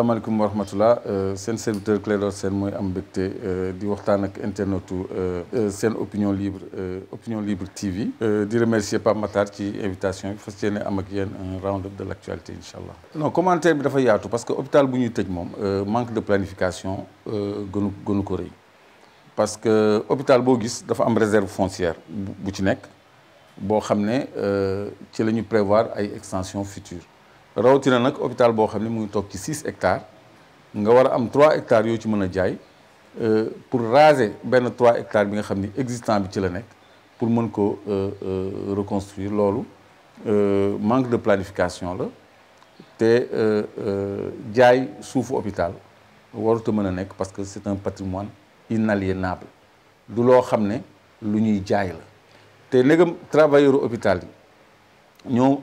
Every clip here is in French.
alaikum wa C'est euh, seen serviteur Clédor Sen mooy am mbégte euh, di Internet ak internetu euh, opinion libre opinion libre TV. di remercier Pape Matar ci invitation Il faut am ak un round-up de l'actualité, Inch'Allah. non commentaire bi dafa tout. parce que hôpital bu manque de planification gënu ko parce que hôpital boo gis dafa réserve foncière bu ci nekk boo xam ci prévoir ay extension future rawatina nak hôpital bo xamni mu ngi tok ci 6 hectares nga wara a am 3 hectares yo ci mën jaay euh pour raser ben 3 hectares bi nga xamni existant bi ci la nek pour mën ko euh, euh, reconstruire euh manque de planification la euh, euh jaay souf hôpital warut a mën parce que c'est un patrimoine inaliénable du lo xamné ne lu ñuy jaay la té ndegam travailleur hôpital ñoo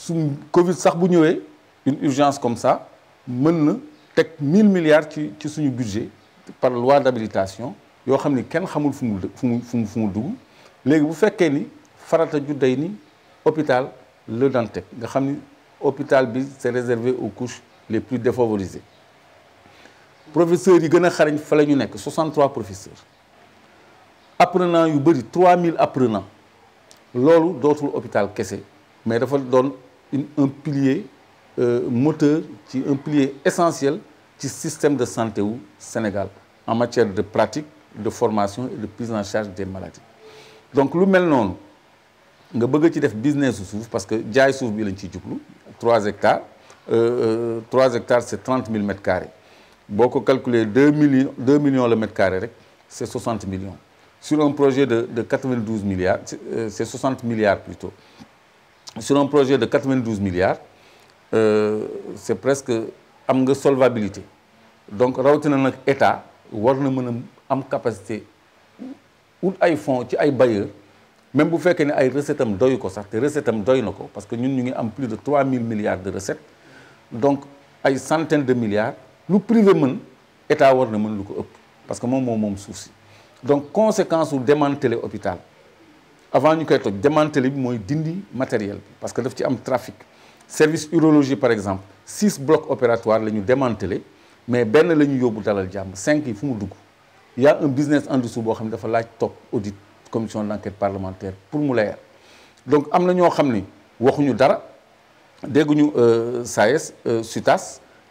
su Covid sax bu une urgence comme ça mën na 1000 milliards ci ci suñu budget par loi d'habilitation Yo xamni kenn xamul fu mu fu mu fu fu mu dugg léegi bu fekkee ni farata ju day ni hôpital Le Dantec nga xamni hôpital bi c'est réservé aux couches les plus défavorisées professeurs yi gëna a xarañ fa la ñu nekk 63 professeurs apprenants yu bari 3000 apprenants lolu dootul hôpital kessé mais dafa doon un pilier euh, moteur un pilier essentiel du système de santé au Sénégal en matière de pratique de formation et de prise en charge des maladies donc nous nous nga business parce que 3 hectares 3 euh, euh, hectares c'est 30 000 mètres carrés Si on calculer 2 millions 2 millions le mètre 2 c'est 60 millions sur un projet de de 92 milliards c'est 60 milliards plutôt sur un projet de 92 milliards euh, c'est presque am solvabilité donc rawtina un état war na am capacité ou ay fonds ci ay bailleurs même bu fekkee ay recettes am ko parce que nous avons plus de 3000 milliards de recettes donc ay centaines de milliards nous privé mëne état war na parce que mom mom moom souci. donc conséquence ou démanteler hôpital avant ñu koy toj matériel parce que daf ci am trafic service urologie par exemple six blocs opératoires les mais ben lañu cinq yi y a un business en dessous de dafa commission d'enquête parlementaire pour donc nous des dara SAES euh, e euh,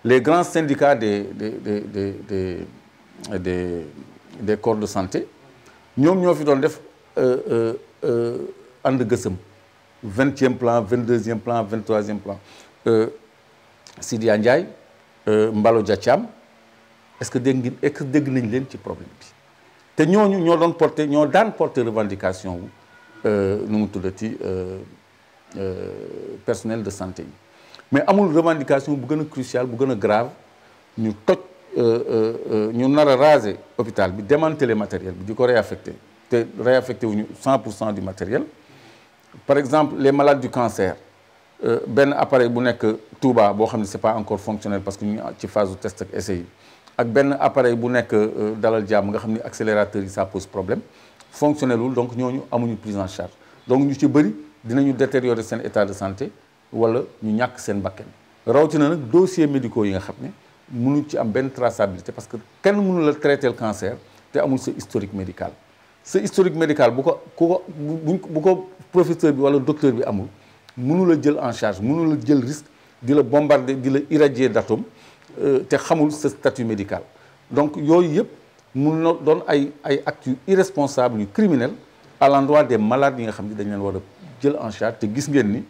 les grands syndicats des des des des des corps de santé nous avons And euh, 20e plan, 22e plan, 23e plan. Euh, Sidi Andjaye, euh, Mbalo Diacham, est-ce que vous avez ce problème Et nous, nous avons porté, nous avons porté revendication, nous avons personnel de santé. Mais nous une revendication plus cruciale, plus grave. Nous avons rasé l'hôpital, démantelé le matériel, nous avons été affecté réaffecter réaffecté 100 du matériel par exemple les malades du cancer Ben appareil qui est Touba bas, ce ne pas encore fonctionnel parce que ñu ci phase de test et essai ak appareil qui est euh, dalal le nga xam accélérateur ça pose problème fonctionnel wul donc avons une prise en charge donc nous ci bëri dinañu détériorer son état de santé wala ñu avons une bakkan rawatina nag dossiers médicaux yi nga xam ne ci am traçabilité parce que quand nous la traiter le cancer nous avons un historique médical ce historique médical bu ko ku ko bu ko professeur bi wala docteur bi amul mënu jël en charge mënu jël risque di la bombarder di la irradier d'atome euh, te xamul sa statut médical donc yooyu yep, mun na doon ay ay actes irresponsables yu criminels à l'endroit des malades yi nga xam ne dañ leen war jël en charge te gis ngeen ni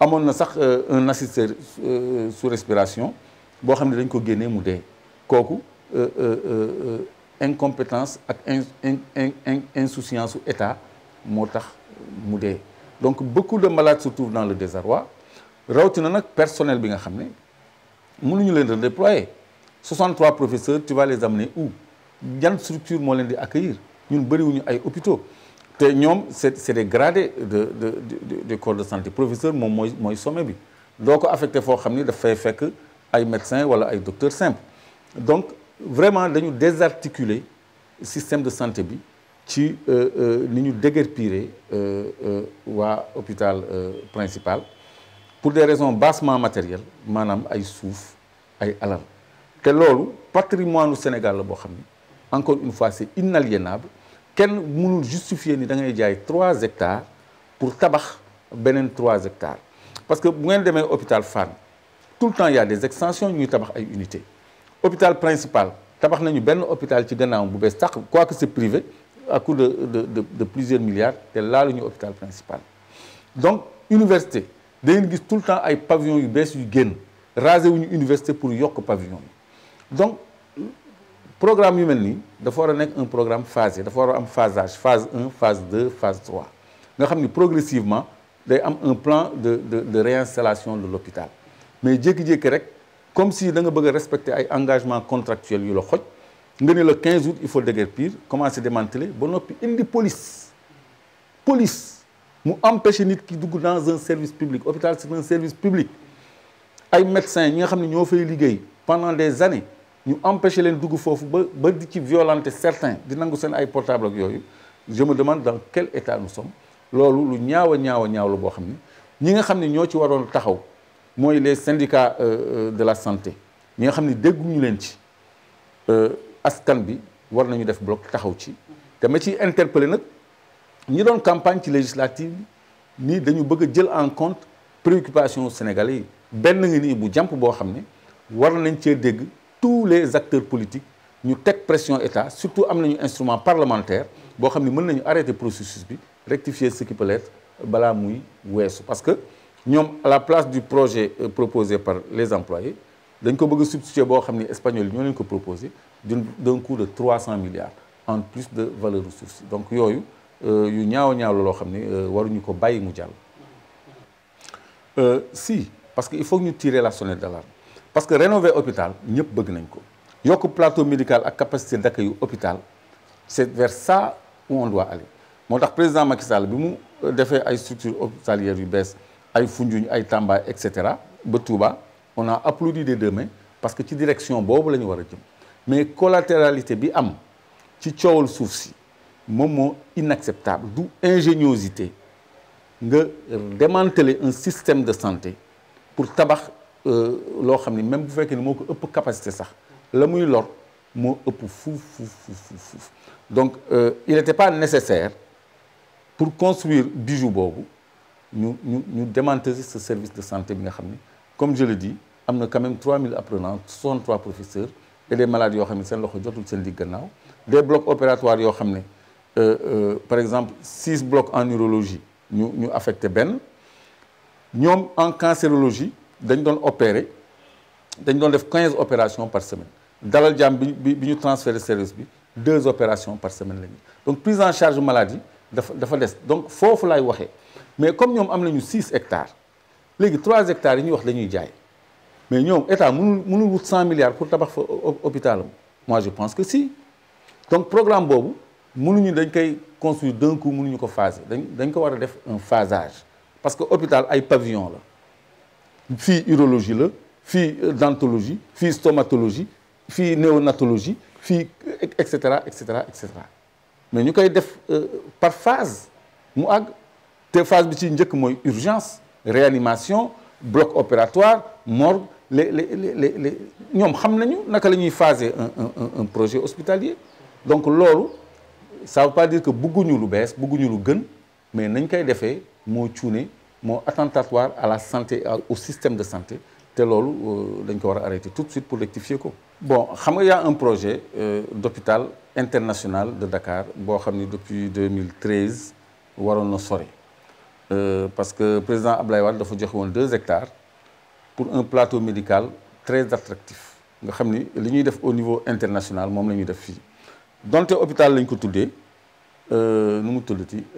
amoon na sax euh, un assisteur euh, sous respiration boo xam dañ ko génnee mu dee kooku incompétence et insouciance ou état mudé. donc beaucoup de malades se trouvent dans le désarroi Rautina, le personnel bi nga xam ne déployer leen redéployer 63 professeurs tu vas les amener où une structure moo leen di accueillir ñun bëriwuñu ay hôpitaux c'est c'est des gradés de de de corps de santé professeur moom sont sommet Donc doo affecté foo xam ni que les médecins ou ay docteurs simples donc vraiment désarticulé désarticuler système de santé bi ci euh, euh, ni au déguerpiré euh, hôpital principal pour des raisons bassement matérielles manam ay souf ay alal te le patrimoine du Sénégal encore une fois c'est inaliénable ken mënul justifier ni da ngay jaay trois hectares pour tabax benen 3 hectares parce que bu ngeen démé hôpital femmes, tout le temps il y a des extensions ñuy tabax ay unités hôpital principal tabax nañu un hôpital qui est bu c'est privé à coût de plusieurs milliards c'est là l'hôpital principal. donc université On ngeen tout le temps un pavillon yu sur yu gain. rasé une université pour y un pavillon donc programme humain, il faut avoir a un programme phasé Il y a un phasage phase 1 phase 2 phase 3 Nous avons progressivement un plan de réinstallation de l'hôpital mais qui jékki rek comme si da nga bëgg respecter ay engagement contractuel yu la xoj le 15 août il faut déguerpir commencer à démanteler y a indi police police mu empêcher les ki dugg dans un service public L'hôpital c'est un service public Les médecins ils nga xam ne ñoo pendant des années ñu empêcher les dugg foofu ba ba violenter certains di nangu des ay portable ak je me demande dans quel état nous sommes C'est lu ñaaw a ñaaw a ñaaw la boo xam ne ñi nga xam ñoo ci mooy les syndicats euh, euh, de la santé ni nga xam ne dégguñu leen ci euh, askan bi war nañu def bloc taxaw ci te ma ci interpeller nak ñi doon campagne ci législative ni dañu bëgg jël en compte préoccupation sénégalais ben benn ni bu jamp bo xamné war nañ ci dégg tous les acteurs politiques ñu tek pression état surtout am nañu instrument parlementaire bo xam ne mën nañu arrêter processus bi rectifier ce qui peut l'être bala muy wessu parce que à la place du projet euh, proposé par les employés nous ko substituer proposé d'un coût de 300 milliards en plus de valeur ressources. donc il euh, yu ñaaw ñaaw nous euh, avons si parce qu'il faut faut nous tirer la sonnette d'alarme parce que rénover hôpital ñëpp Il y a un plateau médical à capacité d'accueil l'hôpital, c'est vers ça où on doit aller Mon président Macky Sall il fait une ay structures hospitalières yu ay Foundiougne ay Tamba on a applaudi des deux mains parce que ci direction boobu la qu'on a jëm mais collatéralité c'est am ci coowal inacceptable D'où ingéniosité de démanteler un système de santé pour tabac. Euh, même bu fekkee ne moo un ëpp capacité sax la muy lor un ëpp fuuf donc euh, il n'était pas nécessaire pour construire bijou Bobu nous ñu ce service de santé comme je le dis nous avons quand même 3000 apprenants 63 professeurs et des maladies qui xam ne des blocs opératoires euh, euh, par exemple 6 blocs en neurologie, nous ñu affecté Nous, en cancérologie nous avons opérer Nous avons def 15 opérations par semaine dalal avons bi service bi deux opérations par semaine la donc prise en charge de dafa dafa donc il faut faire. Mais comme nous avons 6 hectares, 3 hectares, nous avons des gens. Mais nous, avons 100 milliards pour l'hôpital. Moi, je pense que si. Donc, le programme Bob, nous avons construit d'un coup, nous avons phase. Nous faire un phasage. Parce que l'hôpital a un pavillon. Il y a urologie, il y euh, dentologie, il stomatologie, il néonatologie, etc. etc., etc. Mais nous avons fait par phase. Nous avons des phase bi ci urgence réanimation bloc opératoire morgue Nous, les les les un projet hospitalier donc ça ne veut pas dire que nous lu bees bëgguñu lu gën mais nañ koy fait, mon cuune mon attentatoire à la santé au système de santé C'est loolu euh, dañ ko arrêter tout de suite pour rectifier ko. bon xam y a un projet euh, d'hôpital international de Dakar bon, depuis 2013 Warono na euh, parce que le président Ablaye a fait joxe deux hectares pour un plateau médical très attractif nga xam ni au niveau international ce qu'on fait def Dans donte hôpital lañ ko tuddee euh,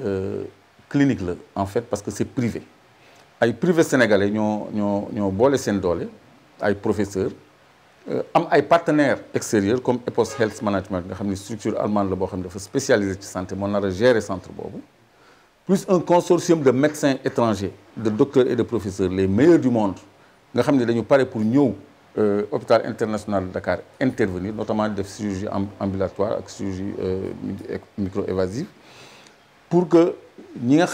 euh, clinique en fait parce que c'est privé Les privés sénégalais ñoo ñoo ñoo les professeurs am partenaires extérieurs comme EPOS Health Management nga structure allemande la boo la santé qui nar géré centre plus un consortium de médecins étrangers de docteurs et de professeurs les meilleurs du monde nous avons parlé pour nous, euh, hôpital international de Dakar intervenir notamment la chirurgie ambulatoire la chirurgie euh, micro-évasive pour que nous nga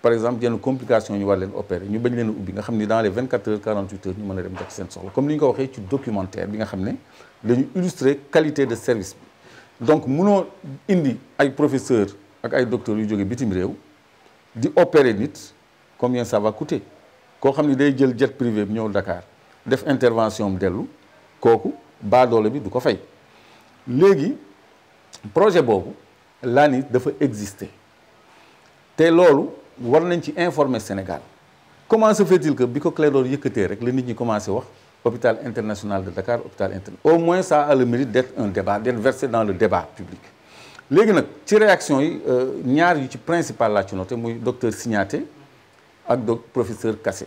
par exemple des complications ñu war opérer Nous avons dit dans les 24 heures 48 heures nous avons des dem comme nous avons fait un documentaire nous avons illustré la qualité de service donc munoo indi ay professeurs ak ay docteur yu jóge bitim réew di opérer nit combien ça va coûter ko xamni day jël jet privé bi ñëw Dakar def intervention am koku ba baadoole bi du ko fay légui projet bobu laa ni dafa exister té lolu war nañ ci informer Sénégal comment se fait-il que biko Clair Clédor yëkëté rek la nit ñi commencé wax hôpital international de Dakar hôpital international au moins ça a le mérite d'être un débat d'être versé dans le débat public les réactions ci réaction yi euh, ñaar principal docteur Signaté et professeur Kassé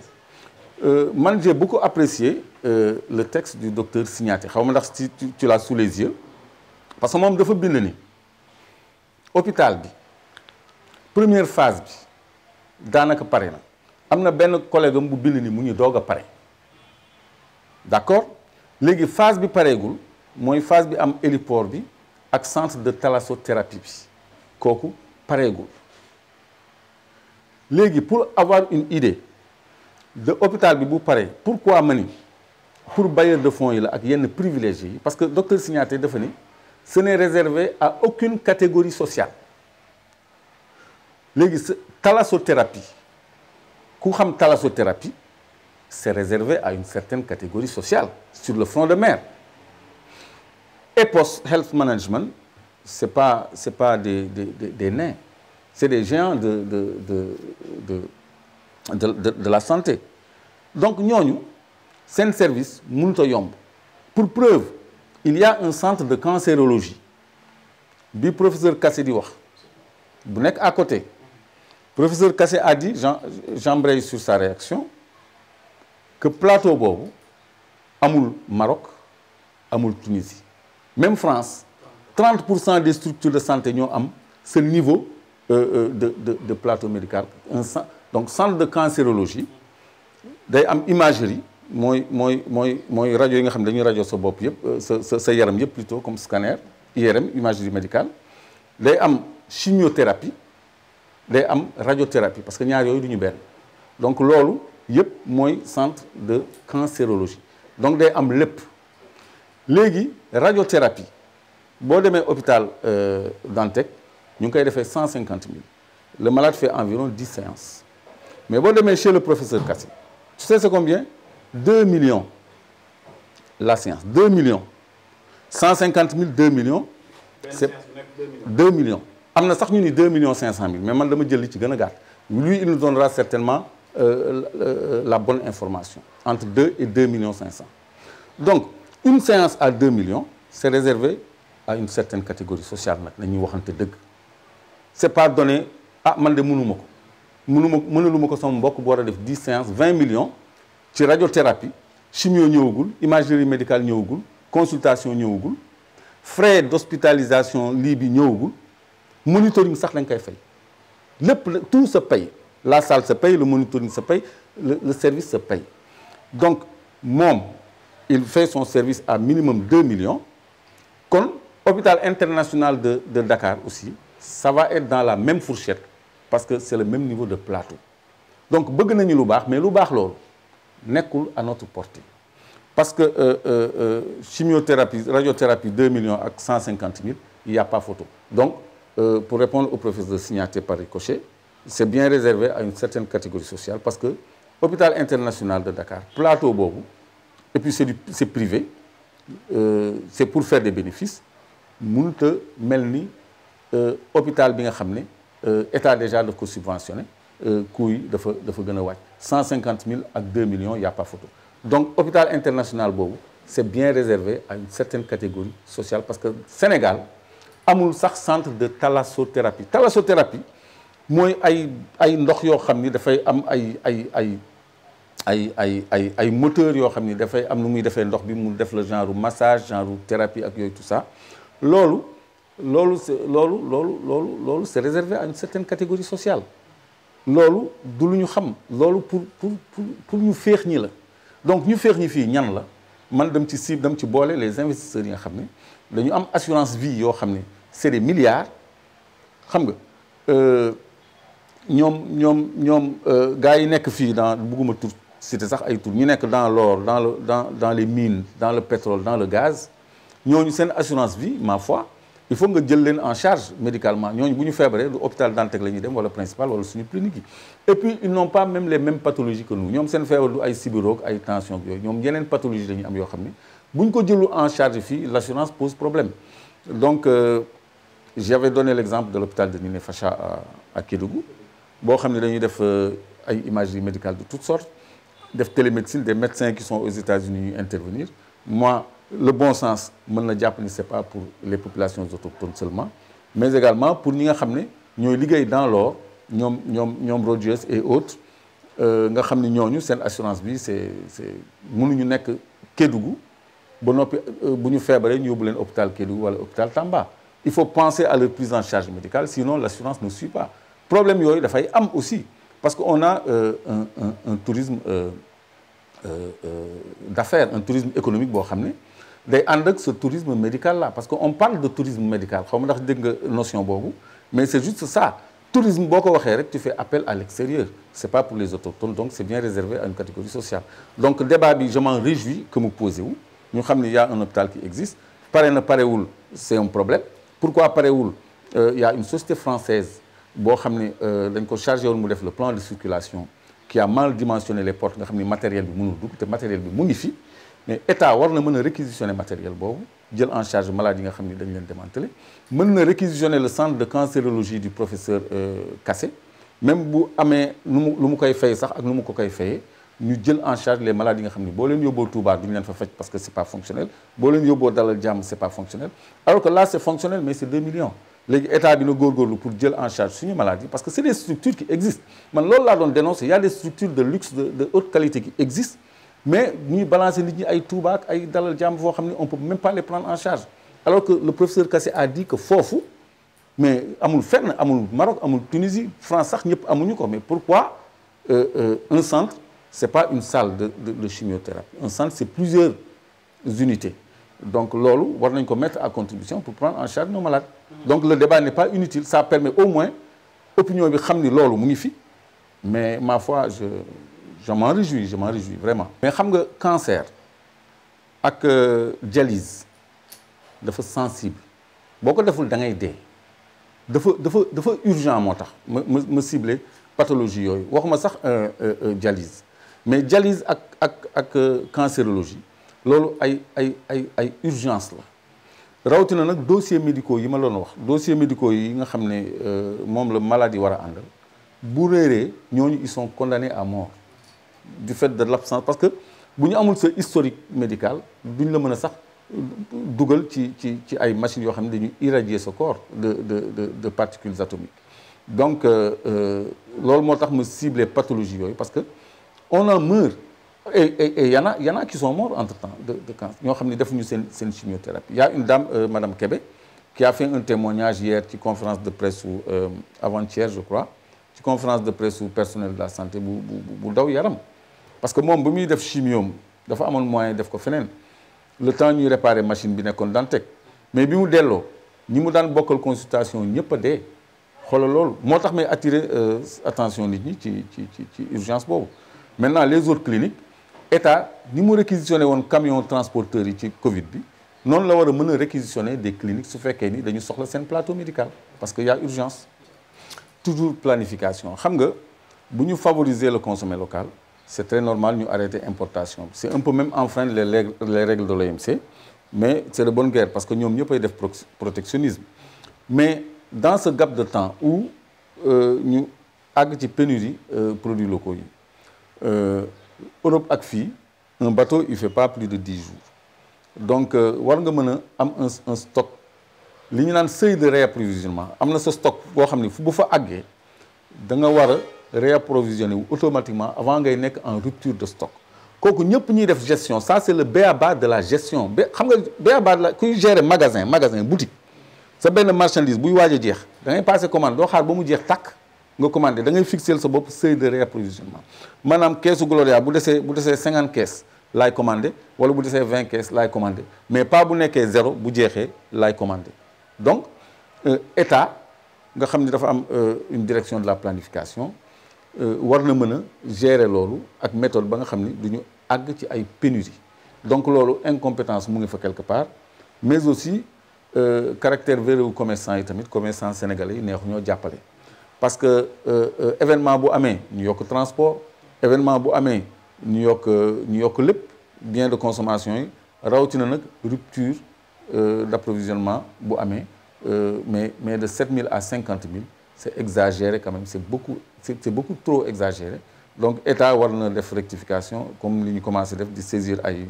euh, j'ai beaucoup apprécié euh, le texte du docteur Signaté sais tu l'as sous les yeux parce que je hôpital première phase bi daanaka na collègue d'accord phase bi phase bi Accent de thalassothérapie koku Pareil légui pour avoir une idée de hôpital bi bu pourquoi manie? pour bailleurs de fonds il la ak yenn privilégiés parce que docteur Signaté de ce n'est réservé à aucune catégorie sociale légui thalassothérapie ku xam thalassothérapie c'est réservé à une certaine catégorie sociale sur le front de mer post Health Management, ce n'est pas, pas des, des, nains, c'est des gens de, de, la santé. Donc, nous, c'est un service, Pour preuve, il y a un centre de cancérologie. Du professeur Kassé dit, Bounek à côté. Professeur Kassé a dit, j'embraye sur sa réaction, que plateau Bobo, Amoul Maroc, Amoul Tunisie même France 30 des structures de santé ont ce niveau euh, euh, de plateau médical donc centre de cancérologie des imagerie moi, euh, plutôt comme scanner IRM imagerie médicale des chimiothérapie des radiothérapie parce qu'il ñaar a une de donc y c'est un centre de cancérologie donc day am Légui, radiothérapie. Si hôpital euh, d'Antec, nous avons fait 150 000. Le malade fait environ 10 séances. Mais vous chez le professeur Kassi, tu sais combien 2 millions la séance. 2 millions. 150 000, 2 millions. 2 millions. 2 millions 500 000. Mais Lui, il nous donnera certainement euh, euh, la, bonne information. Entre 2 et 2 millions 500. Donc, une séance à 2 millions c'est réservé à une certaine catégorie sociale Ce n'est c'est pas donné ah man de mënuma ko je ne peux bu 10 séances 20 millions ci radiothérapie chimio imagerie médicale consultation frais d'hospitalisation lii bi monitoring sax lañ koy fay tout se paye la salle se paye le monitoring se paye le, service se paye donc moi il fait son service à minimum 2 millions. Comme l'hôpital international de, Dakar aussi, ça va être dans la même fourchette parce que c'est le même niveau de plateau. Donc, nous voulons faire mais nous n'est à notre portée. Parce que euh, euh, euh, chimiothérapie, radiothérapie 2 millions à 150 000, il n'y a pas photo. Donc, pour répondre au professeur de signaté par Ricochet, c'est bien réservé à une certaine catégorie sociale parce que l'hôpital international de Dakar, plateau Bobo, et puis c'est privé euh, c'est pour faire des bénéfices mënut Melny, euh, hôpital bien nga est euh, déjà de subventionné coût de dafa dafa 000 a 2 millions y a pas photo donc hôpital international est c'est bien réservé à une certaine catégorie sociale parce que Sénégal a un centre de thalassothérapie thalassothérapie moi, ay ay ndox ay ay ay ay moteur yo xamni da fay am lu muy defé ndox bi mu def le genre massage genre thérapie ak yoy tout ça lolu lolu c'est lolu lolu lolu c'est réservé à une certaine catégorie sociale lolu du lu ñu xam lolu pour pour pour ñu feex ñi la donc ñu feex ñi fi ñan la man dem ci cible dem ci bolé les investisseurs yi nga xamni dañu am assurance vie yo xamni c'est des milliards xam nga ñom euh, ñom ñoom euh, gars yi nek fi dans bugguma tur c'est ça. ay tur ñu dans l'or dans le dans dans les mines dans le pétrole dans le gaz ont une assurance vie ma foi il faut nga jël en charge médicalement ñooñu bu une du hôpital Dantec principal wala suñu clinique et puis ils n'ont pas même les mêmes pathologies que nous nous seen une du ay sibiroog ay tension yooyu ñoom une pathologie la ñuy am yoo en charge vie, l'assurance pose problème donc euh, j'avais donné l'exemple de l'hôpital de Ninefacha à, à Kédougou boo xam dañuy def euh, ay imagerie médicale de toutes sortes de télémédecine, des médecins qui sont aux États-Unis intervenir. Moi, le bon sens, ne n'est pas pour les populations autochtones seulement, mais également pour nous qui nous sommes dans l'or, nous sommes Rogers et autres. Euh, nga xam ni ñooñu assurance bi c'est est c' mënuñu nekk Kédougou ba noppi euh, bu ñu feebaree ñu yóbbu hôpital Kédougou wala hôpital Tamba il faut penser à leur prise en charge médicale sinon l'assurance ne suit pas problème il dafay am aussi parce qu'on a euh, un, tourisme euh, euh, d'affaires, un tourisme économique, Mais ce tourisme médical là parce qu'on parle de tourisme médical notion mais c'est juste ça tourisme tu fais appel à l'extérieur Ce n'est pas pour les autochtones donc c'est bien réservé à une catégorie sociale donc débat je m'en réjouis que vous posez vous ñu y a un hôpital qui existe paré na c'est un problème pourquoi Il y a une société française si on ne chargé le plan de circulation qui a mal dimensionné les portes nga matériel bi le matériel bi mu mais l'État a réquisitionné le matériel Il jël en charge maladie yi nga dañ réquisitionner le centre de cancérologie du professeur euh, Kassé même si nous avons fait ça, mu koy fait, nous ak Nous avons en charge les maladies yi nga fait leen parce que c'est pas fonctionnel boo leen tout Dalal ce n'est pas fonctionnel alors que là c'est fonctionnel mais c'est 2 millions L'État état dina góorgóorlu pour jël en charge suñu maladie parce que c'est des structures qui existent mais loolu là doon dénoncer il y a des structures de luxe de de haute qualité qui existent mais nous balancer les gens ay Touba ak ay dalal jàmm ne on peut même pas les prendre en charge alors que le professeur Kassé a dit que fou mais amul fenn amul Maroc amul Tunisie France sax ñëpp amuñu mais pourquoi euh, euh, un centre c'est pas une salle de de chimiothérapie un centre c'est plusieurs unités donc l'olu, war nañ ko mettre à contribution pour prendre en charge nos malades donc le débat n'est pas inutile ça permet au moins l'opinion de xam ce mais ma foi je m'en réjouis je m'en réjouis vraiment mais xam le cancer la euh, dialyse dafa sensible beaucoup tu deful da ngay dee dafa dafa dafa urgent moo me me cibler ciblé pathologie yooyu waxuma sax euh, euh, dialyse mais dialyse avec ak cancérologie c'est une urgence rawatina nak dossier médicaux yi ma loon wax dossier médicaux yi nga xamné ne euh, la maladie wara a bu réré ñooñu ils sont condamnés à mort du fait de l'absence parce que buñu amul ce historique médical duñ la mëna pas sax dugal ci ci ci ay machines yo xamné ne dañuy irradier ce corps de de de de particules atomiques donc euh, euh lool motax mu cibler pathologie yoy parce que on en meurt et il y en a qui sont morts entre temps de de cancer Il xam ne une chimiothérapie y a une dame euh, madame Kébé qui a fait un témoignage hier une conférence de presse euh, avant-hier je crois une conférence de presse au personnel de la santé bu bu daw yaram parce que moom bu muy def chimiom dafa amoon moyen de ko le temps de réparer machine bi nekkoon mais bi mu delloo ñi je suis consultation je a dee moi j'ai attiré attirer euh, attention nit ñi ci ci ci urgence maintenant les autres cliniques état ni réquisitionner réquisitionné un camion transporteur de Covid 19 nous la réquisitionner des cliniques su fekkee ni dañu soxla plateau médical parce qu'il y a urgence toujours planification xam nga si favoriser le consommé local c'est très normal nous arrêter importation c'est un peu même enfreindre les règles de l'OMC mais c'est de bonne guerre parce que mieux pas de protectionnisme mais dans ce gap de temps où nous euh, avons ci pénurie euh, produits locaux euh, Europe ak fii un bateau il fait pas plus de 10 jours donc euh, war nga avoir un stock li ñu naan seuil de réapprovisionnement am na stock boo xam ne fu bu fa réapprovisionner automatiquement avant d'être nekk en rupture de stock kooku ñëpp ñuy def gestion ça c'est le ba de la gestion ba xam nga ba de la kuy gérer magasin magasin boutique sa benn marchandise buy waaj a jeex da ngay passer commande doo xaar ba mu jeex tàkk nga commandez da ngay fixeel sa bopp seuil de réapprovisionnement maanaam keesu Gloria bu desee bu desee cinquante kees laay commandé wala bu 20 vingt vous laay commandé mais pas vous avez zéro bu jeexee laay commandé donc euh, état nga savez dafa am euh, une direction de la planification euh, war na mën a gérer loolu ak méthode ba nga savez ni du pénurie donc cela, incompétence mu ngi fa quelque part mais aussi caractère véreux commerçant et tamit commerçant sénégalais yi neexu ñoo parce que euh, euh, événement bu New York transport événement bu New York euh, bien de consommation yi rupture d'approvisionnement, mais mais de 000 à 50 000, c'est exagéré quand même c'est beaucoup trop exagéré donc l'État a faire rectification comme nous commençons commencé saisir ay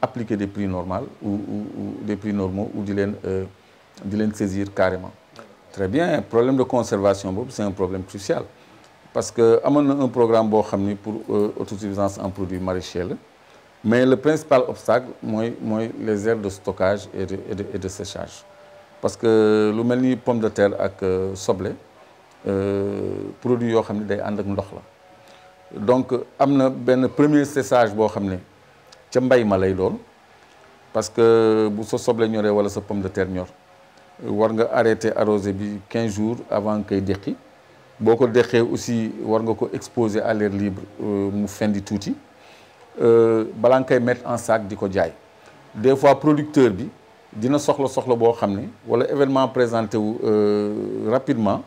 appliquer des prix normaux ou des prix normaux ou de saisir carrément très bien Le problème de conservation c'est un problème crucial parce qu'il y a un programme pour l'autosuffisance euh, en produits maraîchers mais le principal obstacle c'est les aires de stockage et de séchage parce que les pommes de terre ak euh, soble euh, produit les produits sont day train ak donc le premier séchage boo xam mbay parce que bu les soble sont wala train pomme de terre war nga arrêté arroser bi 15 jours avant que koy boko boo aussi war nga ko exposer à l'air libre euh, mu fendi tuuti euh, balaa nga koy mettre en sac diko jaay des fois producteur bi dina soxlo soxlo bo xamné wala événement présenté wu euh, rapidement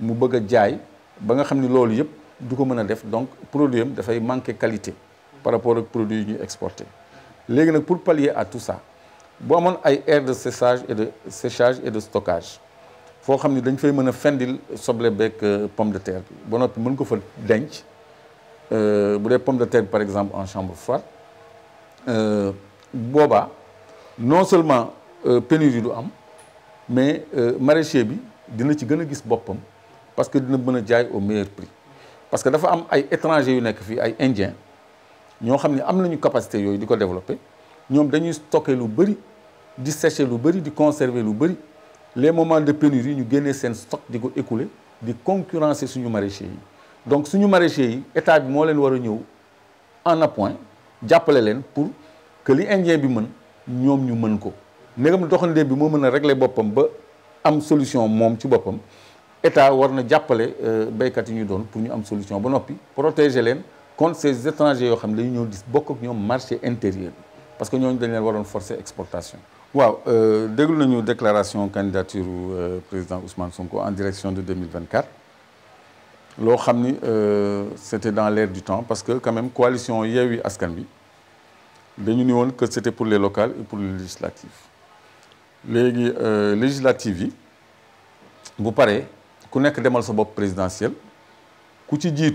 mu bëgg jaay ba nga xamné lolu yëpp du ko def donc produit da fay manquer qualité par rapport au produit ñu exporter exporté nak pour pallier à tout ça bu amoon ay aire de séchage et de séchage et de stockage foo xam ni dañ fay mën a fendil soble euh, pomme de terre bi on peut mën ko fa denc euh, bu pommes pomme de terre par exemple en chambre froide euh, boba, non seulement pénurie du am mais maraîcher bi dina ci gëna gis bopam parce que dina mëna jaay au meilleur prix parce que dafa am ay étrangers yu nekk fi ay indiens ñoo xamni am nañu capacité yooyu diko développer ñom dañuy stocké lu bari di sécher lu bëri di conserver lu bëri les moments de pénurie ñu génnee sen stock diko écouler di concurrencer suñu maraîchers yi donc suñu maraîchers yi état bi moo leen war a ñëw en appoint jappalé leen pour que li indien bi mën ñom ñu mën ko ndegam doxandéem bi mo mën a régler bopam ba am solution mom ci bopam état warna jappalé jàppale euh, béykat yi ñu doon pour ñu am solution ba nopi protéger leen contre ces étrangers yo xam ne dañu ñëw di bokk ak marché intérieur parce que ñoo dañ leen waron forcer exportation avons euh, déglu une déclaration candidature euh, président Ousmane Sonko en direction de 2024 euh, c'était dans l'air du temps parce que quand même coalition a eu à que c'était pour les locales et pour les législatives Les législatives vous parlez, présidentiel, ku nekk demal sa présidentielle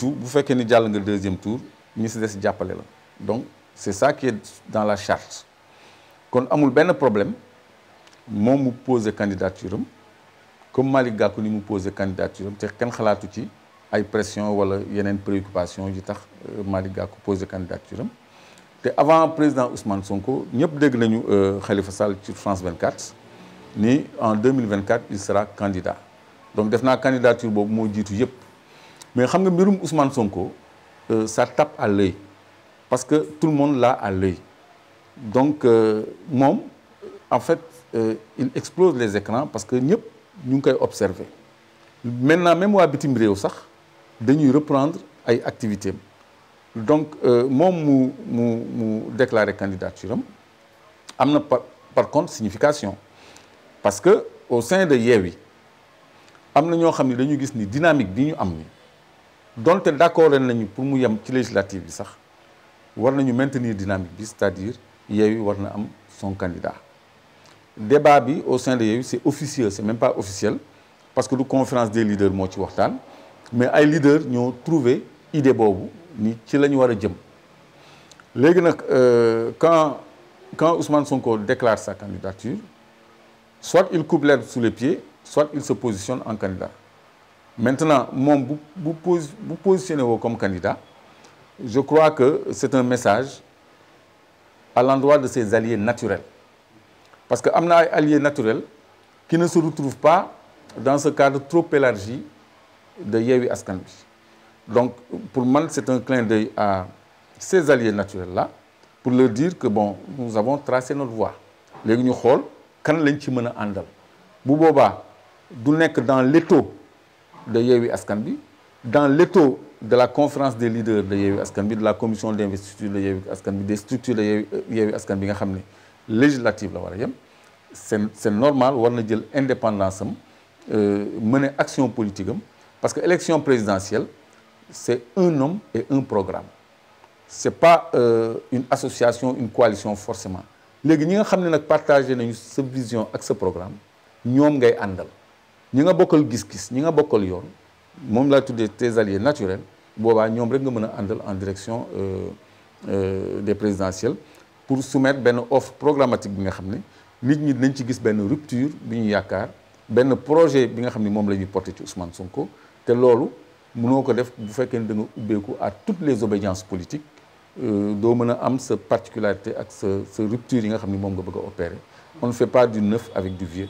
vous deuxième tour nous si déjà donc c'est ça qui est dans la charte kon amul un problème mon poser pose candidature comme Malika Gakou ni mu posé candidature te ken khalatou ci ay pression wala une préoccupation Je tax euh, Malick Gakou candidature Avant le avant président Ousmane Sonko ñëpp dégg le euh, Khalifa Sall ci France 24 ni en 2024 il sera candidat donc def candidature boobu moo dit yep. mais xam nga mirum Ousmane Sonko euh, ça tape à l'œil parce que tout le monde l'a à l'œil donc euh, en fait euh, il explose les écrans parce que nous, ñu observé. observer maintenant même si nous avons sax dañuy reprendre ay activités donc euh, moom mu mu candidature a par par contre signification parce que au sein de Yewi, nous avons ñoo que dynamique bi ñu am d'accord pour nous ci législative Nous sax war la dynamique c'est-à-dire il y a eu son candidat débat au sein de Yewwi c'est officiel, c'est même pas officiel parce que du conférence des leaders est ci mais les leaders ont trouvé idée bobu ni ci la wara euh, quand quand Ousmane Sonko déclare sa candidature soit il coupe l'herbe sous les pieds soit il se positionne en candidat maintenant si vous vous positionnez comme candidat je crois que c'est un message à l'endroit de ses alliés naturels. Parce que amna alliés naturels qui ne se retrouvent pas dans ce cadre trop élargi de Yewi Askanbi. Donc, pour moi, c'est un clin d'œil à ces alliés naturels-là pour leur dire que, bon, nous avons tracé notre voie. Les quand Bouboba, dans l'étau de Yewi Askanbi, dans l'étau de la conférence des leaders de de la commission d'investiture de des structures de législative la c'est normal on na dit l'indépendance, euh, mener action politique parce que l'élection présidentielle c'est un homme et un programme Ce n'est pas euh, une association une coalition forcément Les ñi nga partagé nañu vision avec ce programme nous ngay àndal de nga bokkal gis-gis nous la tous tes alliés naturels qui ñom rek nga en direction euh, euh, des présidentielles pour soumettre une offre programmatique bi nga xamné nit ñi ci rupture bi ñu projet bi nga xamné porté ci Ousmane Sonko té nous mëno ko def bu da à toutes les obédiences politiques Nous euh, do mëna am sa particularité ak rupture yi nga été opérée. opérer on ne fait pas du neuf avec du vieux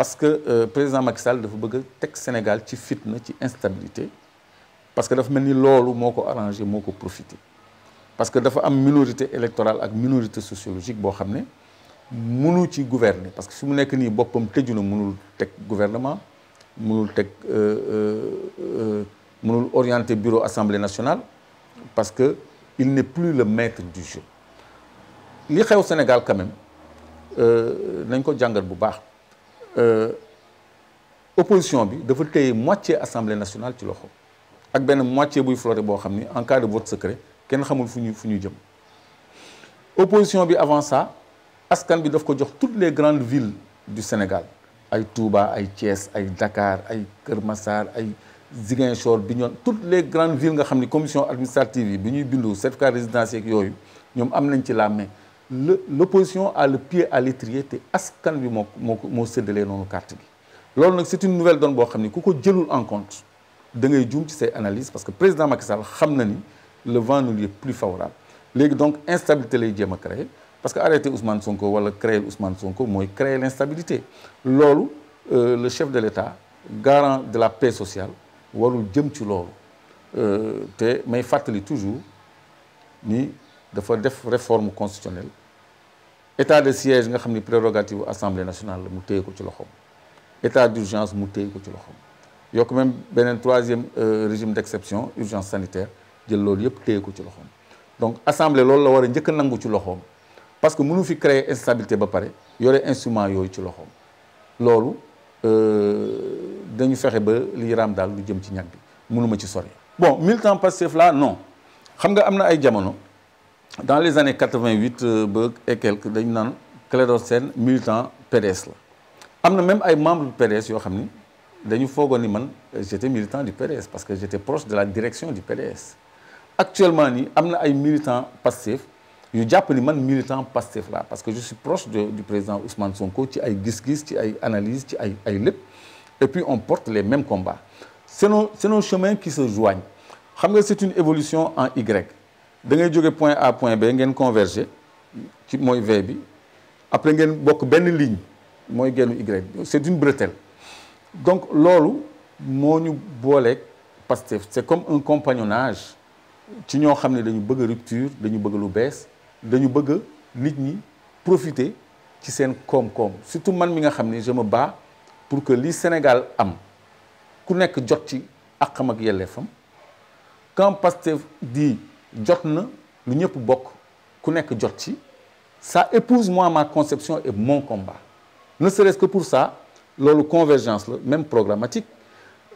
parce que euh, président Macky Sall dafa bëgg Tek Sénégal ci fitna ci instabilité parce que dafa mel ni loolu moo ko arrangé qui a profité parce que a une minorité électorale une minorité sociologique qui ne mënu ci gouverner parce que si on est nii pas tëju ne peut pas gouvernement le gouvernement mënul orienter bureau assemblée nationale parce qu'il n'est plus le maître du jeu est au Sénégal quand même c'est euh, ko jàngat bu euh, opposition bi dafa téye moitié assemblée nationale ci loxo ak ben moitié buy flotté bo en cas de vote secret kenn xamul que pas jëm opposition bi avant ça askan bi daf toutes les grandes villes du Sénégal ay Touba ay Thiès ay Dakar ay Kër Ziguinchor Bignone toutes les grandes villes nga xamni commission administrative yi bi ñuy bindu certificat résidence yeeg la l'opposition a le pied à l'étrier et askan ce moo mo moo dans carte c'est une nouvelle donne bo xamni kuko ku en compte da ngay juum ci ses analyses, parce que le président Macky Sall xamna ni le vent ne lui est plus favorable donc instabilité lay djema créer parce que arrêter Ousmane Sonko wala créer Ousmane Sonko moy créer l'instabilité euh, le chef de l'État garant de la paix sociale warul djem ci euh té may fatali toujours ni dafa def réforme état de siège nga xamni prérogative assemblée nationale mu téye ko ci loxom état d'urgence mu téye ko ci loxom yok même beneen troisième euh, régime d'exception urgence sanitaire jël lool yépp téye ko ci loxom donc assemblée lool la wara ñëk njëkk nangu ci loxom parce que mënu fi créer instabilité ba paré yoré instrument yooyu ci loxoom loolu euh, dañu fexé ba li ram dal lu jëm ci ñag bi mënuma ci sori bon temps passé là non xam nga amna ay jamono dans les années 88 il euh, et quelques eu naan militants militant PDS même ay membres PDS yo dañu euh, j'étais militant du PDS parce que j'étais proche de la direction du PDS actuellement il y a ay militants Pastef yu jàpp militant passif, parce que je suis proche du président Ousmane Sonko qui a gis-gis ci ay analyse ci ay et puis on porte les mêmes combats c'est nos nos chemins qui se joignent c'est une évolution en Y da ngay point A point B ngeen converger ci moy V bi après ngeen bokk ben ligne moy gennu Y c'est une bretelle donc loolu moo ñu booleeg Pastef c'est comme un compagnonnage ci ñoo xam ne dañu bëgg rupture dañu bëgg lu bees dañu bëgg nit ñi profiter ci seen koom-koom surtout man mi nga xam je me bats pour que li Sénégal am ku que jot ci àqam ak yelleefam quand Pastef dit jot lu ñepp bokk ku nekk jot ci ça épouse moi ma conception et mon combat ne serait-ce que pour ça lolu convergence même programmatique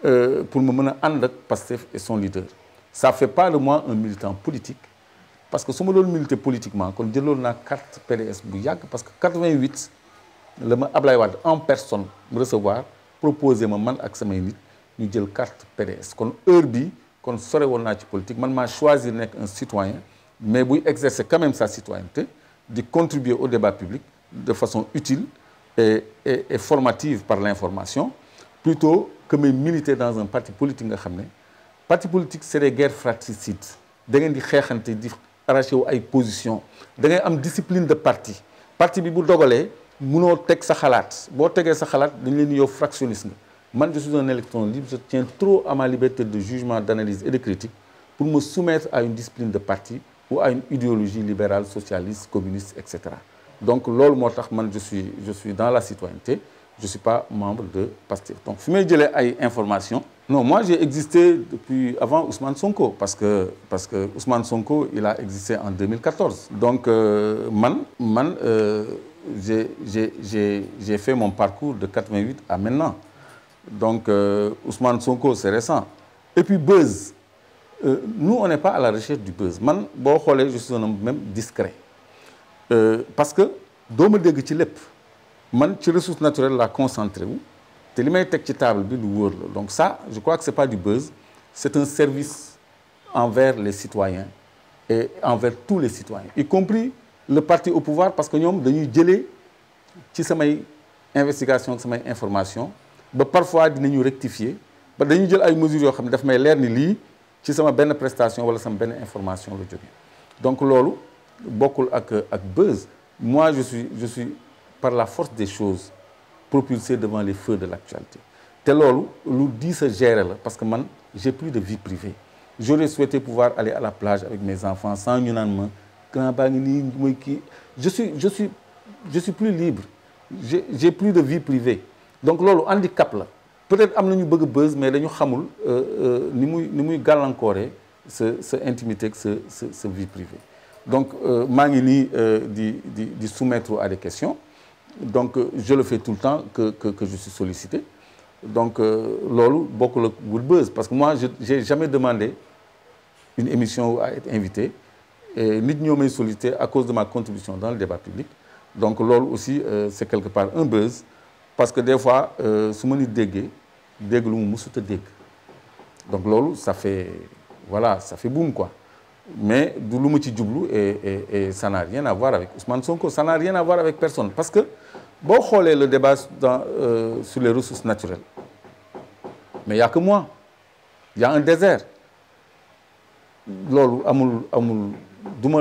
euh, pour me mener and ak Pastef et son leader ça fait pas de moi un militant politique parce que suma lolu doon militer politiquement kon lolu une carte PDS bu parce que 88 le ma Ablaye Wade en personne me recevoir proposer, ma man ak sama nit ñu jël carte PDS kon heure kon sore woon politique man choisir un citoyen mais veux exercer quand même sa citoyenneté de contribuer au débat public de façon utile et, formative par l'information plutôt que de militer dans un parti politique Le parti politique c'est des guerres fratricides da ngeen di des di arraché positions, ay position da discipline de parti Le parti bi est dogalee munoo teg sa xalaat il tegee sa xalaat dañ leen moi, je suis un électron libre, je tiens trop à ma liberté de jugement, d'analyse et de critique pour me soumettre à une discipline de parti ou à une idéologie libérale, socialiste, communiste, etc. Donc, lol, je suis, je suis dans la citoyenneté, je ne suis pas membre de PASTIR. Donc, si je des informations, non, moi, j'ai existé depuis avant Ousmane Sonko, parce que, parce que Ousmane Sonko, il a existé en 2014. Donc, euh, euh, j'ai fait mon parcours de 88 à maintenant. Donc, euh, Ousmane Sonko, c'est récent. Et puis, buzz. Euh, nous, on n'est pas à la recherche du buzz. Man, bon, je suis un homme même discret. Euh, parce que, je me dis que man, les ressources naturelles, la concentrer. Je me dis table, Donc, ça, je crois que ce n'est pas du buzz. C'est un service envers les citoyens et envers tous les citoyens, y compris le parti au pouvoir, parce que nous avons gelé sur mes investigations, des informations ba parfois dinañu rectifier ba dañu jël ay mesures yo xam daf may lerr ni li ci sama ben prestation wala sama ben information donc lolu bokul ak ak buzz moi je suis je suis par la force des choses propulsé devant les feux de l'actualité té lolu lu di a gérer la parce que man j'ai plus de vie privée j'aurais souhaité pouvoir aller à la plage avec mes enfants sans ñu nan ma grand baa ngi je suis je suis je suis plus libre j'ai j'ai plus de vie privée donc un handicap peut-être qu'il y avons bëgg buzz mais dañu xamul euh, euh, ni muy ni muy cette intimité cette vie privée donc je euh, ngi suis di soumettre à des questions donc je le fais tout le temps que je suis sollicité donc loolu beaucoup buzz parce que moi je n'ai jamais demandé une émission à être invité nit ñoo may sollicité à cause de ma contribution dans le débat public donc loolu aussi c'est quelque part un buzz parce que des fois si on est dégué, je lu mu donc là, ça fait voilà ça fait boum quoi mais du et et ça n'a rien à voir avec Ousmane Sonko ça n'a rien à voir avec personne parce que on xoolee le débat euh, sur les ressources naturelles mais il n'y a que moi Il y a un désert Là, amul amul duma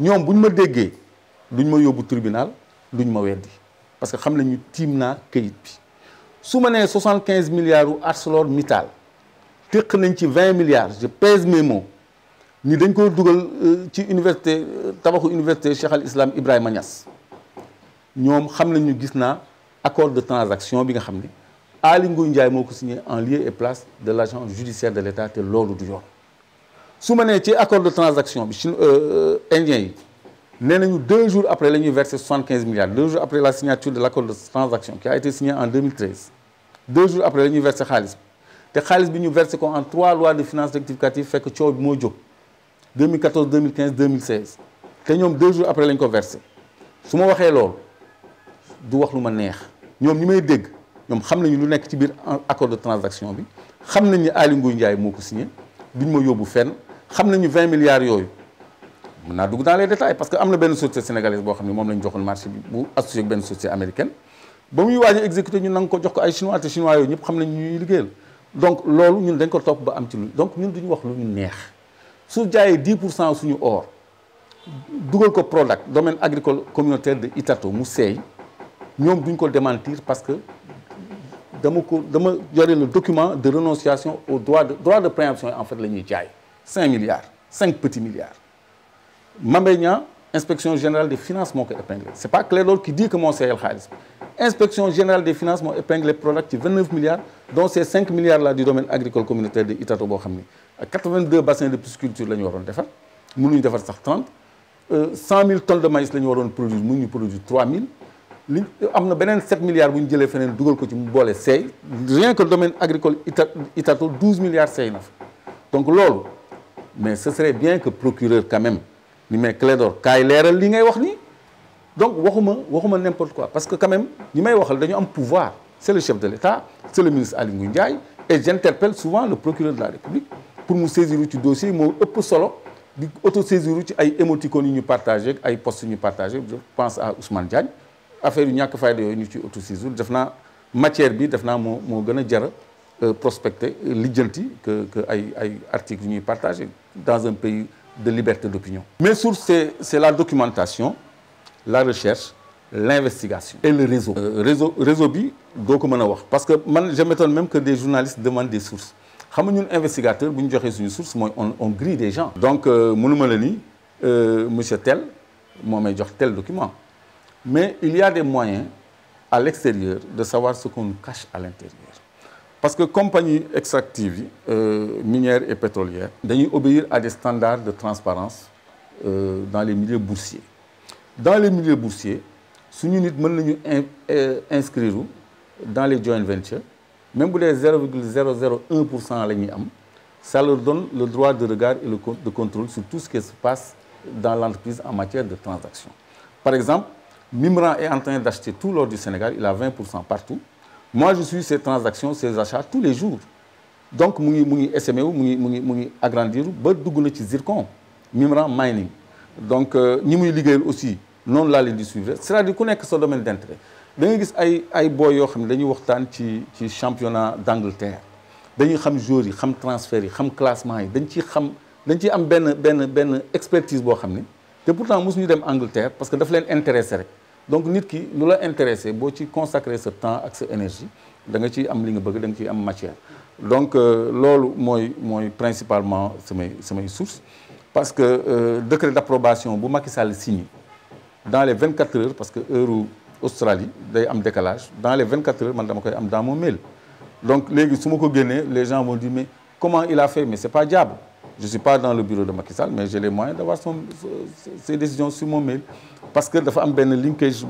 ñom buñ ma déggé duñ ma yobbu tribunal duñ ma wéddi parce que xam nañu tiim naa kayit bi suma né 75 soixante quinze milliards u ArcelorMittal téq nañ ci 20 milliards je pèse mes mots ni dañ ko dugal euh, ci université euh, tabaxu université Cheikh Al Islam Ibrahima Niass ñom xam nañu gis naa accord de transaction bi nga xamné Ali Ngoy Ngouille Ndiaye moo signé en lieu et place de l'agent judiciaire de l'État té lolu du yoon si vous avez un accord de transaction bi euh, indien deux jours après l'université de 75 milliards deux jours après la signature de l'accord de transaction qui a été signé en 2013 deux jours après la ñuy versé Khalis, versé en trois lois de finances rectificatives fait que bi moo 2014 2015 2016 te deux jours après l'université. Si ko versé su ma waxee loolu du wax lu ma neex un ñi may dégg accord de transaction bi xam que ne Aly Ngouille signé xam nañu milliards yoyu mëna dugg dans les détails parce que amna ben société sénégalaise bo xamni mom moom lañ joxoon marché bi bu associé ak benn société américaine ba muy waaj a ñu nang ko jox ko ay chinois te chinois yooyu ñep xam nañ ñuy liggéeyal donc lolu ñun dañ ko top ba am ci lu donc ñun duñu wax lu ñu neex su jaayee 10 suñu or dugal ko product domaine agricole communautaire de Itato mu seey ñom duñ ko démentir parce que dama ko dama yore le document de renonciation au droit de droit de préemption en fait la jaay 5 milliards 5 petits milliards Mame inspection générale des finances épinglés. épinglé. Ce c'est pas Clédor qui dit que c'est seeyal Khalis. inspection générale des finances moo épinglé projets 29 milliards dont ces 5 milliards là du domaine agricole communautaire de Itato 82 bassins de pisciculture la ñu fait. defar 30 100 000 tonnes de maïs nous avons produit. 3 000. produire 3000 fait 7 milliards qui ont fait rien que le domaine agricole Itato 12 milliards donc l'eau, mais ce serait bien que procureur quand même mette mais Clédor kaay leeral li ngay wax nii donc waxuma waxuma n'importe quoi parce que quand même ñi may waxal dañu am pouvoir c'est le chef de l'État c'est le ministre Aly et j'interpelle souvent le procureur de la République pour me saisir ci dossier moo ëpp solo di auto saisir ci ay émoticônes yu ñu partagé ay postes que nous partageons. je pense à Ousmane Diagne affaire yu ñàkk fayda yooyu ñu ci auto saisir def matière bi def naa moo euh, prospecter euh, que que ay articles partagé dans un pays de liberté d'opinion. Mes sources, c'est la documentation, la recherche, l'investigation et le réseau. Euh, réseau réseau bi parce que je m'étonne même que des journalistes demandent des sources xam nga un investigateur bu ñu source on on grille des gens. donc je euh, dis, euh, monsieur tel moi, je tel document mais il y a des moyens à l'extérieur de savoir ce qu'on cache à l'intérieur parce que compagnie compagnies extractives, euh, minière et pétrolières, dañuy obéir à des standards de transparence euh, dans les milieux boursiers dans les milieux boursiers si nous in euh, dans les joint ventures même pour les 0,001 à ça leur donne le droit de regard et le de contrôle sur tout ce qui se passe dans l'entreprise en matière de transactions par exemple Mimran est en train d'acheter tout l'or du Sénégal il a 20 partout moi je suis ces transactions ces achats tous les jours donc mu ngi mu ngi SME wu mu ngi agrandir ba dugg na ci zircon Mimran mining donc ni euh, muy liggéeyal aussi Non, laa leen di suivre cest à du ku nekk sa domaine d'intérêt da nga gis ay ay boy yoo xam ne dañuy waxtaan ci ci championnat d'Angleterre dañuy xam joueurs yi xam transfert yi xam classement yi dañ ciy xam dañ ciy am ben benn benn expertise boo xam ne te pourtant mosuñu dem Angleterre parce que daf leen intéressé donc nous l'avons intéressé ci consacrer ce temps et cette énergie matière donc euh, principalement c'est source parce que le euh, décret d'approbation si Macky Sall signé dans les 24 heures parce que heure Australie a un décalage dans les 24 heures je suis dans mon mail donc les gens vont dire mais comment il a fait mais ce n'est pas diable je ne suis pas dans le bureau de Macky Sall mais j'ai les moyens d'avoir ses décisions sur mon mail parce que dafa am ben linkage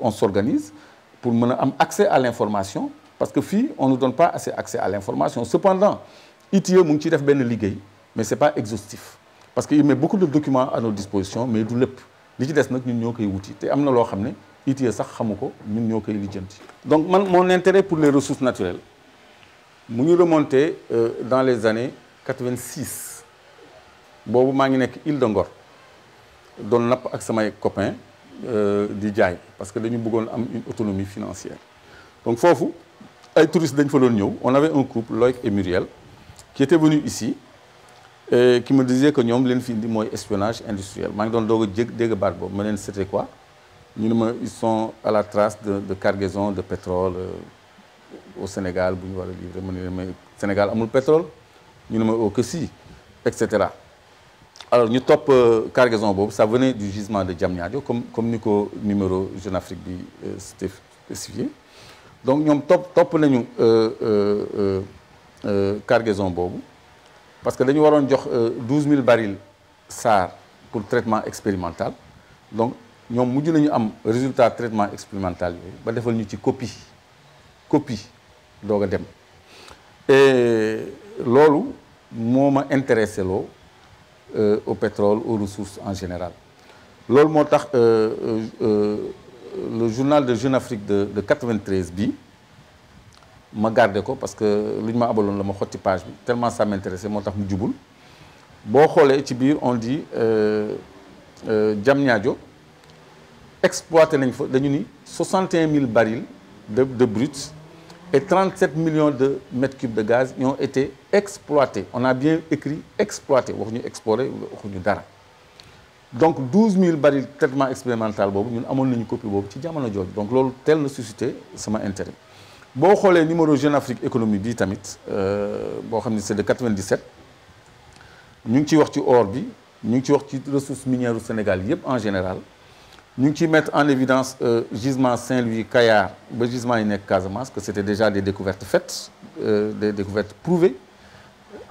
on s'organise pour avoir accès à l'information parce que fi on nous donne pas assez accès à l'information cependant il e mu ngi ciy def ben liggéey mais c'est pas exhaustif parce qu'il met beaucoup de documents à notre disposition, mais il lepp. li ci des nak ñun ñokay wuti té amna lo xamné e sax donc mon intérêt pour les ressources naturelles mu ñu remonter euh, dans les années 86 Si ma ngi nek île de don nap ak samay copains euh, di parce que dañu bëggoon am une autonomie financière donc vous ay touristes dañ fa doon ñëw on avait un couple Loïc et Muriel qui était venu ici et qui me disait que ñom leen fi indi espionnage industriel je ngi doon doog dégg c'était quoi ils sont à la trace de de cargaison de pétrole euh, au Sénégal bu ñu war a livrer ma pétrole ñu ne ma oh, alors ñu top euh, cargaison bob, ça venait du gisement de Diamniadio comme comme nous numéro Jeune Afrique bi euh, spécifié donc top top top nañu euh, cargaison parce que nous avons 12 000 barils SAR pour le traitement expérimental donc nous avons nañu am résultat traitement expérimental Nous ba une ñu ci copie copie Et dem et Lolo moi ma intéressé euh, au pétrole aux ressources en général euh, euh, le journal de Jeune Afrique de de 93 bi ma garde ko parce que je ma abaloon la page tellement ça m'intéressait moo tax mu jubul boo on dit Diamniadio exploité nañ fa dañu 61 000 barils de de brut et 37 millions de mètres cubes de gaz ont été exploités. On a bien écrit exploité, on exploré, on Donc 12 000 barils de traitement expérimental, nous avons une copie de Donc tel ne suscité, c'est mon intérêt. Bon, le numéro Jeune Afrique Économie euh, c'est de 1997, Nous avons dit l'or, nous avons dit ressources minières au Sénégal en général. Nous mettons en évidence euh, gisement Saint-Louis Kayar mais gisement et nekk Casamance que c'était déjà des découvertes faites euh, des découvertes prouvées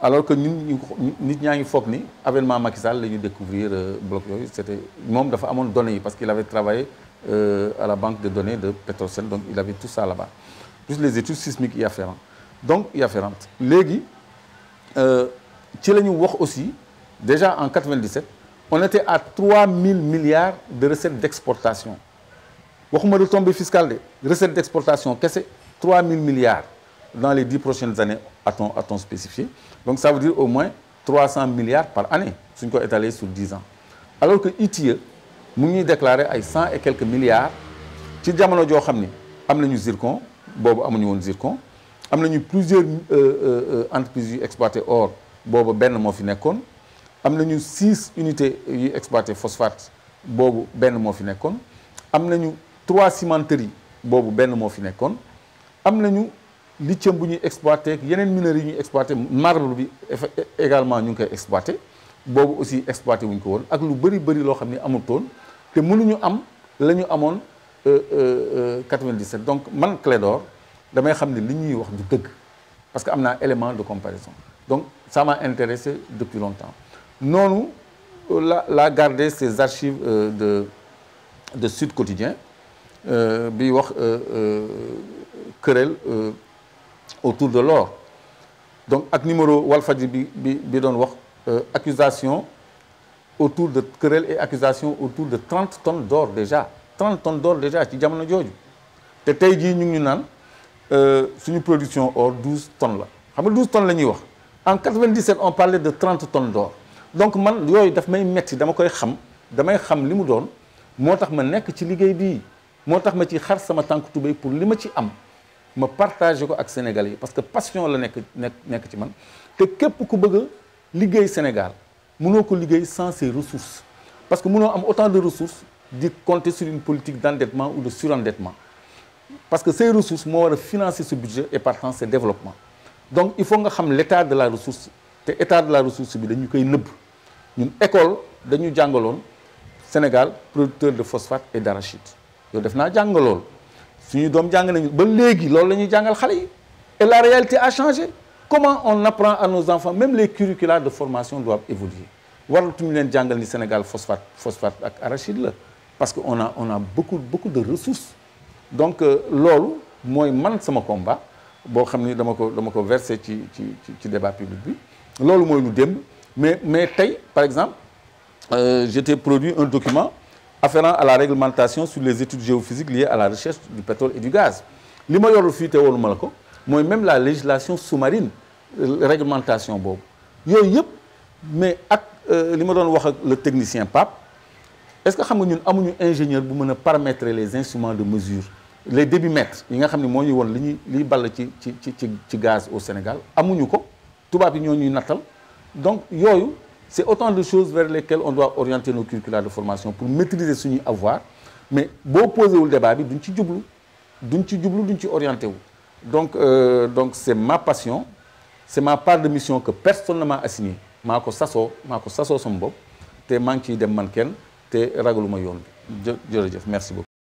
alors que nous, nous nit ñaa ngi ni découvrir euh, bloc c'était un dafa qui données parce qu'il avait travaillé euh, à la banque de données de Petrocel donc il avait tout ça là-bas plus les études sismiques y a afférentes hein. donc y afférentes hein. léegi ci nous aussi déjà en 1997, on était à 3 000 milliards de recettes d'exportation waxuma tomber fiscal de recettes d'exportation c'est 3 000 milliards dans les 10 prochaines années a-t-on spécifié donc ça veut dire au moins 300 milliards par année on ko étalé sur 10 ans alors que ITIE a déclaré 100 et quelques milliards ci jamono des xam ni zircon boobu amuñu zircon nous plusieurs euh, euh, euh, entreprises exploitées exploité or boobu benn fi nous avons six unités qui exploité phosphate boobu benn mo am trois cimenteries qui benn mo fi exploité exploité marbre également ñu Nous avons exploité aussi exploité 97 euh, euh, euh, donc man Clédor y a du parce élément de comparaison donc ça m'a intéressé depuis longtemps non, euh, la la garder ces archives euh, de de Sud Quotidien euh, bi wax querelle autour de l'or donc ak numéro Walfadji bi bi accusation autour de querelle et accusation autour de 30 tonnes d'or déjà 30 tonnes d'or déjà c'est jamono te ñu ñu production or 12 tonnes 12 tonnes en 97 on parlait de 30 tonnes d'or donc man yooyu daf may metti dama koy xam damay xam li mu doon moo tax ma que ci liggéey bii moo tax ma ci xar sama tànk tubéy pour li pour ci am ma partagé ko ak Sénégalais parce que passion la nekk nekk nekk ci man te képp ku bëgg a liggéey Sénégal mënoo ko sans ses ressources parce que mënoo am autant de ressources di compter sur une politique d'endettement ou de surendettement parce que ces ressources moo war financer ce budget et par partant ce développement donc il faut nga xam l'état de la ressource te état de la ressource bi dañu koy nëbb l'école, école dañu au Sénégal producteur de phosphate et d'arachide Nous avons une jàngalool suñu doom jàng nañu ba léegi loolu la ñuy et la réalité a changé comment on apprend à nos enfants même les curriculaires de formation doivent évoluer waratuñu leen jàngal ni Sénégal phosphate phosphate ak arachide la parce qu'on a on a beaucoup beaucoup de ressources donc c'est euh, moi man sama combat bon, xam ni dama ko dama ko versé ci ci débat public bi loolu nous lu mais mais par exemple euh, j'ai produit un document afférent à la réglementation sur les études géophysiques liées à la recherche du pétrole et du gaz Ce refusé, c'est même la législation sous-marine euh, réglementation bob. mais euh, ak le technicien Pape est-ce que xam a un ingénieur bu mën paramétrer les instruments de mesure les débitmètres yi nga y a un a li ball gaz au Sénégal amuñu ko a yi ñoo ñuy donc c'est autant de choses vers lesquelles on doit orienter nos curriculaires de formation pour maîtriser ce qu'il avoir mais à voir. le débat bi duñ ci duñ euh, donc c'est donc ma passion c'est ma part de mission que personne ne m'a assigné Je je suis assis, je suis assis, je suis assis, Je suis dem man suis assis, Je merci beaucoup